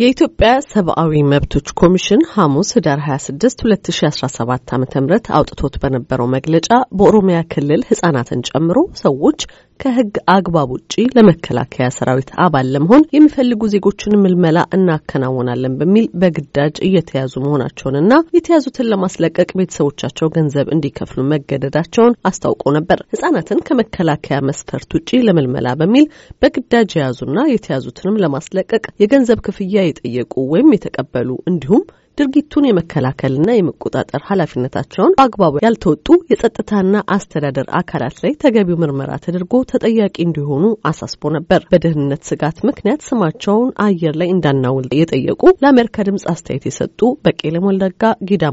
የኢትዮጵያ ሰብአዊ መብቶች ኮሚሽን ሐሙስ ህዳር 26 2017 ዓ ም አውጥቶት በነበረው መግለጫ በኦሮሚያ ክልል ህጻናትን ጨምሮ ሰዎች ከህግ አግባብ ውጪ ለመከላከያ ሰራዊት አባል ለመሆን የሚፈልጉ ዜጎችን ምልመላ እናከናወናለን በሚል በግዳጅ እየተያዙ መሆናቸውንና የተያዙትን ለማስለቀቅ ቤተሰቦቻቸው ገንዘብ እንዲከፍሉ መገደዳቸውን አስታውቆ ነበር። ህጻናትን ከመከላከያ መስፈርት ውጪ ለምልመላ በሚል በግዳጅ የያዙና የተያዙትንም ለማስለቀቅ የገንዘብ ክፍያ የጠየቁ ወይም የተቀበሉ እንዲሁም ድርጊቱን የመከላከልና የመቆጣጠር ኃላፊነታቸውን በአግባቡ ያልተወጡ የጸጥታና አስተዳደር አካላት ላይ ተገቢው ምርመራ ተደርጎ ተጠያቂ እንዲሆኑ አሳስቦ ነበር። በደህንነት ስጋት ምክንያት ስማቸውን አየር ላይ እንዳናውል የጠየቁ ለአሜሪካ ድምጽ አስተያየት የሰጡ በቄለም ወለጋ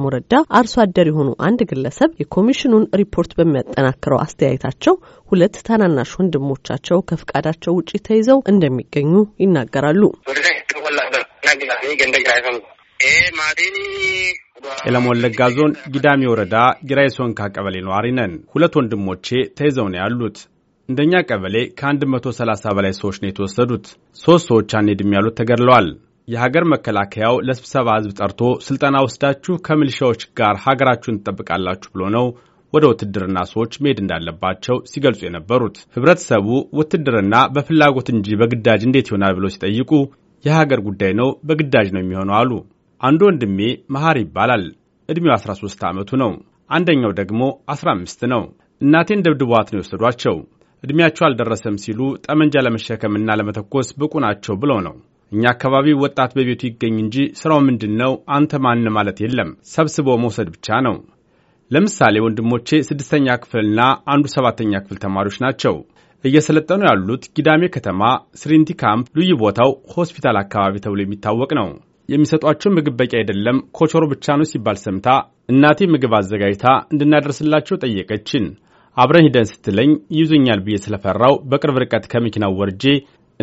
ሞረዳ አርሶ አደር የሆኑ አንድ ግለሰብ የኮሚሽኑን ሪፖርት በሚያጠናክረው አስተያየታቸው ሁለት ታናናሽ ወንድሞቻቸው ከፍቃዳቸው ውጪ ተይዘው እንደሚገኙ ይናገራሉ። ቄለም ወለጋ ዞን ጊዳሚ ወረዳ ጊራይ ሶንካ ቀበሌ ነዋሪ ነን። ሁለት ወንድሞቼ ተይዘው ነው ያሉት። እንደኛ ቀበሌ ከ130 በላይ ሰዎች ነው የተወሰዱት። ሦስት ሰዎች አንሄድም ያሉት ተገድለዋል። የሀገር መከላከያው ለስብሰባ ህዝብ ጠርቶ ስልጠና ወስዳችሁ ከሚሊሻዎች ጋር ሀገራችሁን ትጠብቃላችሁ ብሎ ነው ወደ ውትድርና ሰዎች መሄድ እንዳለባቸው ሲገልጹ የነበሩት። ህብረተሰቡ ውትድርና በፍላጎት እንጂ በግዳጅ እንዴት ይሆናል ብሎ ሲጠይቁ የሀገር ጉዳይ ነው፣ በግዳጅ ነው የሚሆነው አሉ። አንዱ ወንድሜ መሐር ይባላል። ዕድሜው 13 ዓመቱ ነው። አንደኛው ደግሞ 15 ነው። እናቴን ደብድቧት ነው የወሰዷቸው። ዕድሜያቸው አልደረሰም ሲሉ ጠመንጃ ለመሸከምና ለመተኮስ ብቁ ናቸው ብለው ነው። እኛ አካባቢ ወጣት በቤቱ ይገኝ እንጂ ሥራው ምንድን ነው አንተ ማን ማለት የለም፣ ሰብስቦ መውሰድ ብቻ ነው። ለምሳሌ ወንድሞቼ ስድስተኛ ክፍልና አንዱ ሰባተኛ ክፍል ተማሪዎች ናቸው። እየሰለጠኑ ያሉት ጊዳሜ ከተማ ስሪንቲ ካምፕ ልዩ ቦታው ሆስፒታል አካባቢ ተብሎ የሚታወቅ ነው። የሚሰጧቸው ምግብ በቂ አይደለም፣ ኮቾሮ ብቻ ነው ሲባል ሰምታ እናቴ ምግብ አዘጋጅታ እንድናደርስላቸው ጠየቀችን። አብረን ሂደን ስትለኝ ይዙኛል ብዬ ስለፈራው በቅርብ ርቀት ከመኪናው ወርጄ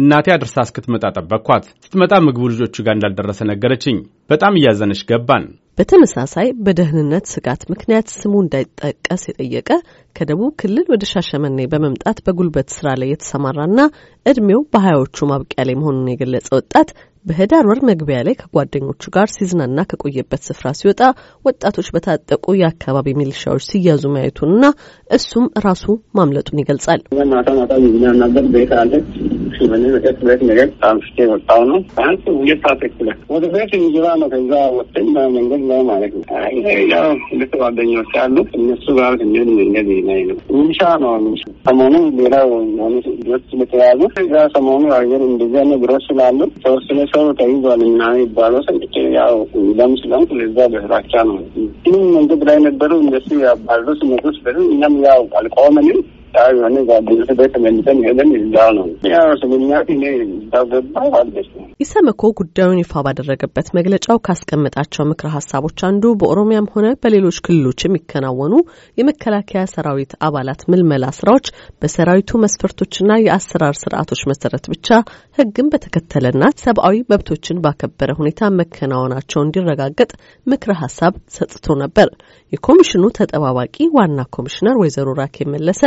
እናቴ አድርሳ እስክትመጣ ጠበቅኳት። ስትመጣ ምግቡ ልጆቹ ጋር እንዳልደረሰ ነገረችኝ። በጣም እያዘነች ገባን። በተመሳሳይ በደህንነት ስጋት ምክንያት ስሙ እንዳይጠቀስ የጠየቀ ከደቡብ ክልል ወደ ሻሸመኔ በመምጣት በጉልበት ስራ ላይ የተሰማራና እድሜው በሀያዎቹ ማብቂያ ላይ መሆኑን የገለጸ ወጣት በህዳር ወር መግቢያ ላይ ከጓደኞቹ ጋር ሲዝናና ከቆየበት ስፍራ ሲወጣ ወጣቶች በታጠቁ የአካባቢ ሚሊሻዎች ሲያዙ ማየቱንና እሱም ራሱ ማምለጡን ይገልጻል። ማታ ማታ የሚዝናናበት ቤት ቤት ነገር ነው አንስ ሁለት አተክለ ወደ ቤት ነው። ከዛ ላይ ማለት ነው። ያው ሁለት ጓደኞች አሉ። እነሱ ጋር መንገድ ላይ ነው ሚሊሻ ነው ሚሊሻ ሰሞኑ ሆኑ ስለተያዙ ሰሞኑ እንደዚያ ስላሉ ተወስነ ነው ተይዟል እና የሚባለው ሰንጭ ያው ለምስለም ስለዛ በስራቻ ነው ምንም መንገድ ላይ ነበረው እነሱ ያባሉ ስመቶች በ እኛም ያው አልቃወመንም ያው የሆነ ጓደኞች ቤት ተመልሰን ሄደን እዛ ነው ያው ስምኛ እኔ እዛ ገባ አልደስም ኢሰመኮ ጉዳዩን ይፋ ባደረገበት መግለጫው ካስቀመጣቸው ምክረ ሀሳቦች አንዱ በኦሮሚያም ሆነ በሌሎች ክልሎች የሚከናወኑ የመከላከያ ሰራዊት አባላት ምልመላ ስራዎች በሰራዊቱ መስፈርቶችና የአሰራር ስርዓቶች መሰረት ብቻ ህግን በተከተለና ሰብአዊ መብቶችን ባከበረ ሁኔታ መከናወናቸው እንዲረጋገጥ ምክረ ሀሳብ ሰጥቶ ነበር። የኮሚሽኑ ተጠባባቂ ዋና ኮሚሽነር ወይዘሮ ራኬብ መለሰ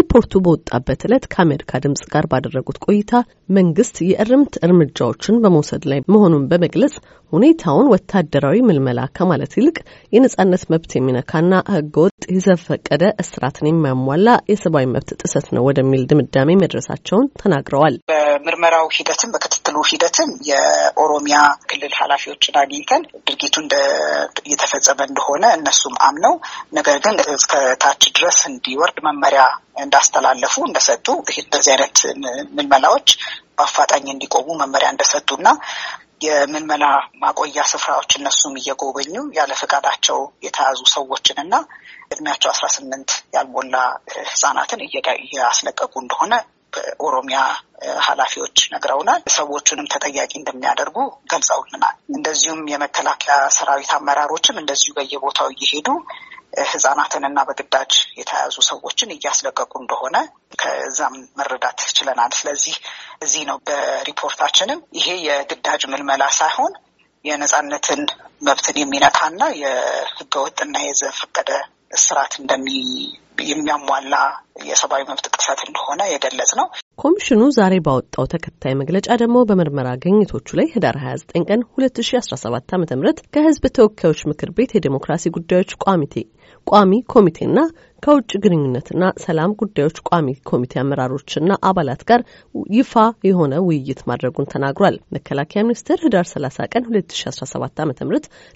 ሪፖርቱ በወጣበት ዕለት ከአሜሪካ ድምጽ ጋር ባደረጉት ቆይታ መንግስት የእርምት እርምጃዎችን በመውሰድ ላይ መሆኑን በመግለጽ ሁኔታውን ወታደራዊ ምልመላ ከማለት ይልቅ የነጻነት መብት የሚነካና ህገወጥ የዘፈቀደ እስራትን የሚያሟላ የሰብአዊ መብት ጥሰት ነው ወደሚል ድምዳሜ መድረሳቸውን ተናግረዋል። በምርመራው ሂደትም በክትትሉ ሂደትም የኦሮሚያ ክልል ኃላፊዎችን አግኝተን ድርጊቱ እየተፈጸመ እንደሆነ እነሱም አምነው ነገር ግን እስከ ታች ድረስ እንዲወርድ መመሪያ እንዳስተላለፉ እንደሰጡ በዚህ አይነት ምልመላዎች በአፋጣኝ እንዲቆሙ መመሪያ እንደሰጡና የምልመላ ማቆያ ስፍራዎች እነሱም እየጎበኙ ያለ ፈቃዳቸው የተያዙ ሰዎችን እና እድሜያቸው አስራ ስምንት ያልሞላ ህጻናትን እያስለቀቁ እንደሆነ በኦሮሚያ ኃላፊዎች ነግረውናል። ሰዎቹንም ተጠያቂ እንደሚያደርጉ ገልጸውልናል። እንደዚሁም የመከላከያ ሰራዊት አመራሮችም እንደዚሁ በየቦታው እየሄዱ ህጻናትንና በግዳጅ የተያዙ ሰዎችን እያስለቀቁ እንደሆነ ከዛም መረዳት ችለናል። ስለዚህ እዚህ ነው በሪፖርታችንም ይሄ የግዳጅ ምልመላ ሳይሆን የነጻነትን መብትን የሚነካና የህገወጥና የዘፈቀደ ስርዓት እንደሚ የሚያሟላ የሰብአዊ መብት ጥሰት እንደሆነ የገለጽ ነው። ኮሚሽኑ ዛሬ ባወጣው ተከታይ መግለጫ ደግሞ በምርመራ ግኝቶቹ ላይ ህዳር 29 ቀን 2017 ዓ ም ከህዝብ ተወካዮች ምክር ቤት የዴሞክራሲ ጉዳዮች ቋሚ ኮሚቴና ከውጭ ግንኙነትና ሰላም ጉዳዮች ቋሚ ኮሚቴ አመራሮችና አባላት ጋር ይፋ የሆነ ውይይት ማድረጉን ተናግሯል። መከላከያ ሚኒስቴር ህዳር 30 ቀን 2017 ዓ ም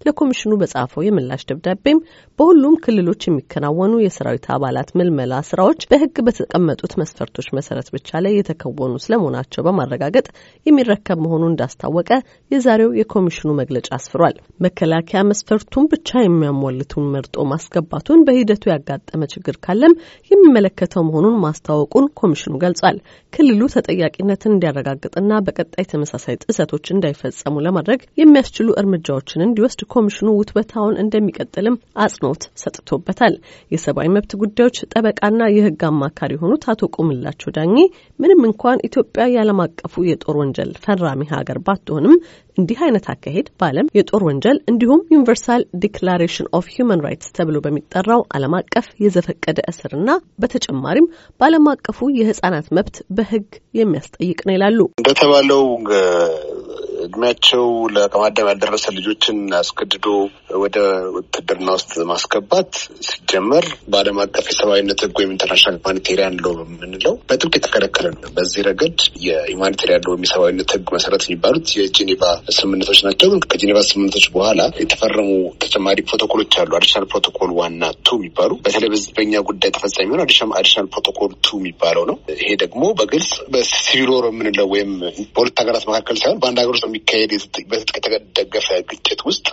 ለኮሚሽኑ በጻፈው የምላሽ ደብዳቤም በሁሉም ክልሎች የሚከናወኑ የሰራዊት አባላት ምልመላ ስራዎች በህግ በተቀመጡት መስፈርቶች መሰረት ብቻ ላይ የተከወኑ ስለመሆናቸው በማረጋገጥ የሚረከብ መሆኑን እንዳስታወቀ የዛሬው የኮሚሽኑ መግለጫ አስፍሯል። መከላከያ መስፈርቱን ብቻ የሚያሟልቱን መርጦ ማስገባቱን በሂደቱ ያጋጠመ ችግር ካለም የሚመለከተው መሆኑን ማስታወቁን ኮሚሽኑ ገልጿል። ክልሉ ተጠያቂነትን እንዲያረጋግጥና በቀጣይ ተመሳሳይ ጥሰቶች እንዳይፈጸሙ ለማድረግ የሚያስችሉ እርምጃዎችን እንዲወስድ ኮሚሽኑ ውትበታውን እንደሚቀጥልም አጽንኦት ሰጥቶበታል። የሰብአዊ መብት ጉዳዮች ጠበቃና የህግ አማካሪ የሆኑት አቶ ቁምላቸው ዳኜ ምንም እንኳን ኢትዮጵያ የዓለም አቀፉ የጦር ወንጀል ፈራሚ ሀገር ባትሆንም እንዲህ አይነት አካሄድ በዓለም የጦር ወንጀል እንዲሁም ዩኒቨርሳል ዲክላሬሽን ኦፍ ሁማን ራይትስ ተብሎ በሚጠራው ዓለም አቀፍ የዘፈቀደ እስርና በተጨማሪም በዓለም አቀፉ የህጻናት መብት በህግ የሚያስጠይቅ ነው ይላሉ። እንደተባለው እድሜያቸው ለቀማዳም ያልደረሰ ልጆችን አስገድዶ ወደ ውትድርና ውስጥ ማስገባት ሲጀመር በዓለም አቀፍ የሰብአዊነት ህግ ወይም ኢንተርናሽናል ሁማኒቴሪያን ሎ የምንለው በጥብቅ የተከለከለ ነው። በዚህ ረገድ የሁማኒቴሪያን ሎ የሰብአዊነት ህግ መሰረት የሚባሉት የጄኔቫ ስምምነቶች ናቸው። ከጄኔቫ ስምምነቶች በኋላ የተፈረሙ ተጨማሪ ፕሮቶኮሎች አሉ። አዲሽናል ፕሮቶኮል ዋና ቱ የሚባሉ በተለይ በዚህ በኛ ጉዳይ ተፈጻሚ የሚሆን አዲሽናል ፕሮቶኮል ቱ የሚባለው ነው። ይሄ ደግሞ በግልጽ በሲቪል ወር የምንለው ወይም በሁለት ሀገራት መካከል ሳይሆን በአንድ ሀገር ውስጥ በሚካሄድ በትጥቅ የተደገፈ ግጭት ውስጥ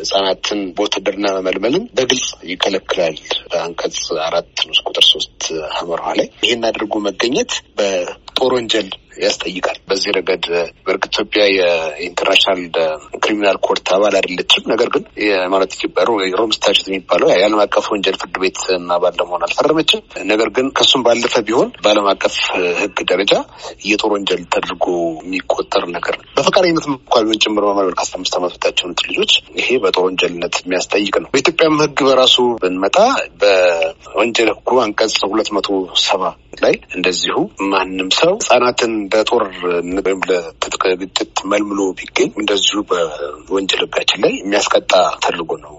ህጻናትን በውትድርና መመልመልን በግልጽ ይከለክላል። በአንቀጽ አራት ንዑስ ቁጥር ሶስት አመርኋ ላይ ይህን አድርጎ መገኘት በጦር ወንጀል ያስጠይቃል። በዚህ ረገድ በእርግጥ ኢትዮጵያ የኢንተርናሽናል ክሪሚናል ኮርት አባል አይደለችም። ነገር ግን ማለት ኢትዮጵያ ሮም ስታችት የሚባለው የዓለም አቀፍ ወንጀል ፍርድ ቤት አባል ለመሆን አልፈረመችም። ነገር ግን ከሱም ባለፈ ቢሆን በዓለም አቀፍ ሕግ ደረጃ የጦር ወንጀል ተደርጎ የሚቆጠር ነገር ነው። በፈቃደኝነት እንኳ ቢሆን ጭምር ማማር ከአስራ አምስት ዓመት በታቸውነት ልጆች ይሄ በጦር ወንጀልነት የሚያስጠይቅ ነው። በኢትዮጵያም ሕግ በራሱ ብንመጣ በወንጀል ሕጉ አንቀጽ ሁለት መቶ ሰባ ላይ እንደዚሁ ማንም ሰው ህጻናትን በጦር ወይም ለትጥቅ ግጭት መልምሎ ቢገኝ እንደዚሁ በወንጀል ህጋችን ላይ የሚያስቀጣ ፈልጎ ነው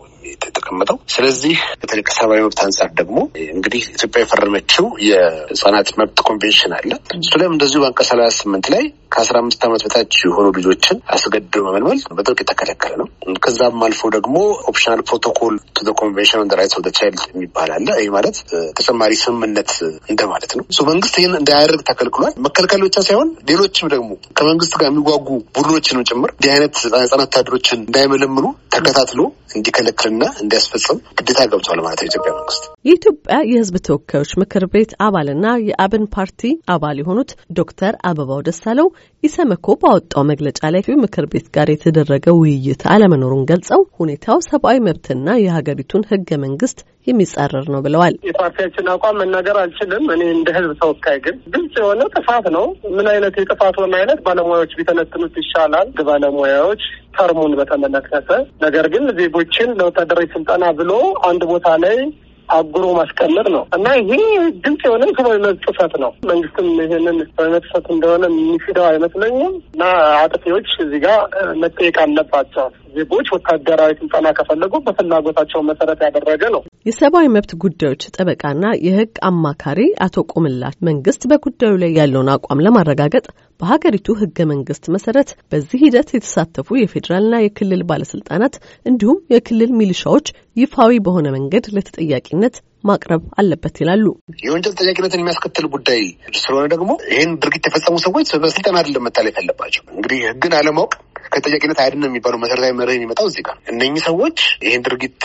የተቀመጠው። ስለዚህ በተለይ ከሰብአዊ መብት አንጻር ደግሞ እንግዲህ ኢትዮጵያ የፈረመችው የህጻናት መብት ኮንቬንሽን አለ። እሱ ላይም እንደዚሁ በአንቀጽ ሰላሳ ስምንት ላይ ከአስራ አምስት ዓመት በታች የሆኑ ልጆችን አስገድዶ መመልመል በጥብቅ የተከለከለ ነው። ከዛም አልፎ ደግሞ ኦፕሽናል ፕሮቶኮል ቱ ዘ ኮንቬንሽን ኦን ዘ ራይትስ ኦፍ ዘ ቻይልድ የሚባል አለ። ይህ ማለት ተጨማሪ ስምምነት እንደማለት ነው። መንግስት ይህን እንዳያደርግ ተከልክሏል። መከልከል ብቻ ሳይሆን ሌሎችም ደግሞ ከመንግስት ጋር የሚጓጉ ቡድኖችንም ጭምር እንዲህ አይነት ህጻናት ወታደሮችን እንዳይመለምሉ ተከታትሎ እንዲከለክል እና እንዲያስፈጽም ግዴታ ገብቷል ማለት ነው የኢትዮጵያ መንግስት። የኢትዮጵያ የህዝብ ተወካዮች ምክር ቤት አባልና የአብን ፓርቲ አባል የሆኑት ዶክተር አበባው ደሳለው ኢሰመኮ ባወጣው መግለጫ ላይ ምክር ቤት ጋር የተደረገ ውይይት አለመኖሩን ገልጸው ሁኔታው ሰብአዊ መብትና የሀገሪቱን ህገ መንግስት የሚጻረር ነው ብለዋል። የፓርቲያችን አቋም መናገር አልችልም። እኔ እንደ ህዝብ ተወካይ ግን ግልጽ የሆነ ጥፋት ነው። ምን አይነት የጥፋቱን አይነት ባለሙያዎች ቢተነትኑት ይሻላል። ባለሙያዎች ተርሙን በተመለከተ ነገር ግን ዜጎችን ለወታደራዊ ስልጠና ብሎ አንድ ቦታ ላይ አጉሮ ማስቀመጥ ነው እና ይሄ ግልጽ የሆነ ሰብአዊ መብት ጥሰት ነው። መንግስትም ይህንን ሰብአዊ መብት ጥሰት እንደሆነ የሚፊደው አይመስለኝም እና አጥፊዎች እዚህ ጋር መጠየቅ አለባቸው። ዜጎች ወታደራዊ ስልጠና ከፈለጉ በፍላጎታቸው መሰረት ያደረገ ነው። የሰብአዊ መብት ጉዳዮች ጠበቃና የህግ አማካሪ አቶ ቁምላሽ መንግስት በጉዳዩ ላይ ያለውን አቋም ለማረጋገጥ በሀገሪቱ ህገ መንግስት መሰረት በዚህ ሂደት የተሳተፉ የፌዴራልና የክልል ባለስልጣናት እንዲሁም የክልል ሚሊሻዎች ይፋዊ በሆነ መንገድ ለተጠያቂነት ማቅረብ አለበት ይላሉ። የወንጀል ተጠያቂነትን የሚያስከትል ጉዳይ ስለሆነ ደግሞ ይህን ድርጊት የፈጸሙ ሰዎች በስልጠና አይደለም መታለፍ ያለባቸው። እንግዲህ ህግን አለማወቅ ከተጠያቂነት ነው የሚባለው መሰረታዊ መርህ የሚመጣው እዚህ ጋር እነኚህ ሰዎች ይህን ድርጊት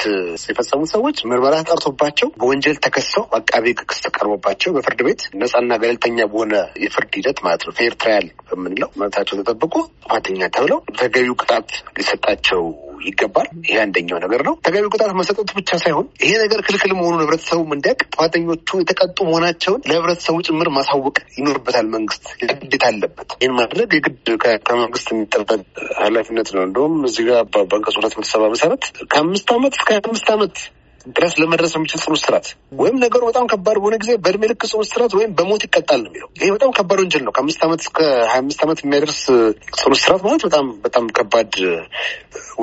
የፈጸሙት ሰዎች ምርመራ ተጠርቶባቸው በወንጀል ተከሰው አቃቢ ክስ ተቀርቦባቸው በፍርድ ቤት ነጻና ገለልተኛ በሆነ የፍርድ ሂደት ማለት ነው ፌር ትራያል በምንለው መብታቸው ተጠብቆ ጥፋተኛ ተብለው ተገቢው ቅጣት ሊሰጣቸው ይገባል። ይሄ አንደኛው ነገር ነው። ተገቢ ቅጣት መሰጠቱ ብቻ ሳይሆን ይሄ ነገር ክልክል መሆኑን ህብረተሰቡ እንዲያውቅ ጥፋተኞቹ የተቀጡ መሆናቸውን ለህብረተሰቡ ጭምር ማሳወቅ ይኖርበታል። መንግስት ግዴታ አለበት። ይህን ማድረግ የግድ ከመንግስት የሚጠበቅ ኃላፊነት ነው። እንደውም እዚህ ጋር በአንቀጽ ሁለት መቶ ሰባ መሰረት ከአምስት አመት እስከ አምስት አመት ድረስ ለመድረስ የሚችል ጽኑ እስራት ወይም ነገሩ በጣም ከባድ በሆነ ጊዜ በእድሜ ልክ ጽኑ እስራት ወይም በሞት ይቀጣል ነው የሚለው። ይሄ በጣም ከባድ ወንጀል ነው። ከአምስት ዓመት እስከ ሀያ አምስት ዓመት የሚያደርስ ጽኑ እስራት ማለት በጣም በጣም ከባድ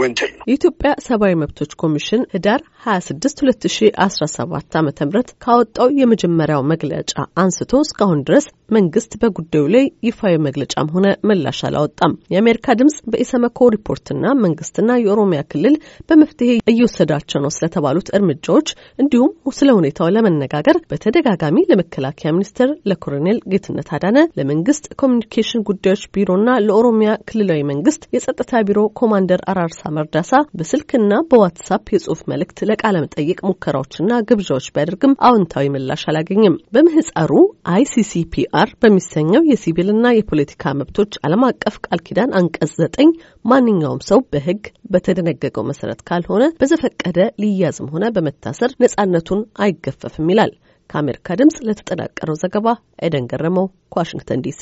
ወንጀል ነው። የኢትዮጵያ ሰብአዊ መብቶች ኮሚሽን ህዳር ሀያ ስድስት ሁለት ሺ አስራ ሰባት ዓመተ ምህረት ካወጣው የመጀመሪያው መግለጫ አንስቶ እስካሁን ድረስ መንግስት በጉዳዩ ላይ ይፋዊ መግለጫም ሆነ ምላሽ አላወጣም። የአሜሪካ ድምጽ በኢሰመኮ ሪፖርትና መንግስትና የኦሮሚያ ክልል በመፍትሄ እየወሰዳቸው ነው ስለተባሉት እርምጃ እርምጃዎች እንዲሁም ስለ ሁኔታው ለመነጋገር በተደጋጋሚ ለመከላከያ ሚኒስቴር ለኮሎኔል ጌትነት አዳነ፣ ለመንግስት ኮሚኒኬሽን ጉዳዮች ቢሮና ለኦሮሚያ ክልላዊ መንግስት የጸጥታ ቢሮ ኮማንደር አራርሳ መርዳሳ በስልክና በዋትሳፕ የጽሁፍ መልእክት ለቃለመጠይቅ ሙከራዎችና ግብዣዎች ቢያደርግም አዎንታዊ ምላሽ አላገኝም። በምህፃሩ አይሲሲፒአር በሚሰኘው የሲቪልና የፖለቲካ መብቶች ዓለም አቀፍ ቃል ኪዳን አንቀጽ ዘጠኝ ማንኛውም ሰው በህግ በተደነገገው መሰረት ካልሆነ በዘፈቀደ ሊያዝም ሆነ በመታሰር ነጻነቱን አይገፈፍም ይላል። ከአሜሪካ ድምጽ ለተጠናቀረው ዘገባ ኤደን ገረመው ከዋሽንግተን ዲሲ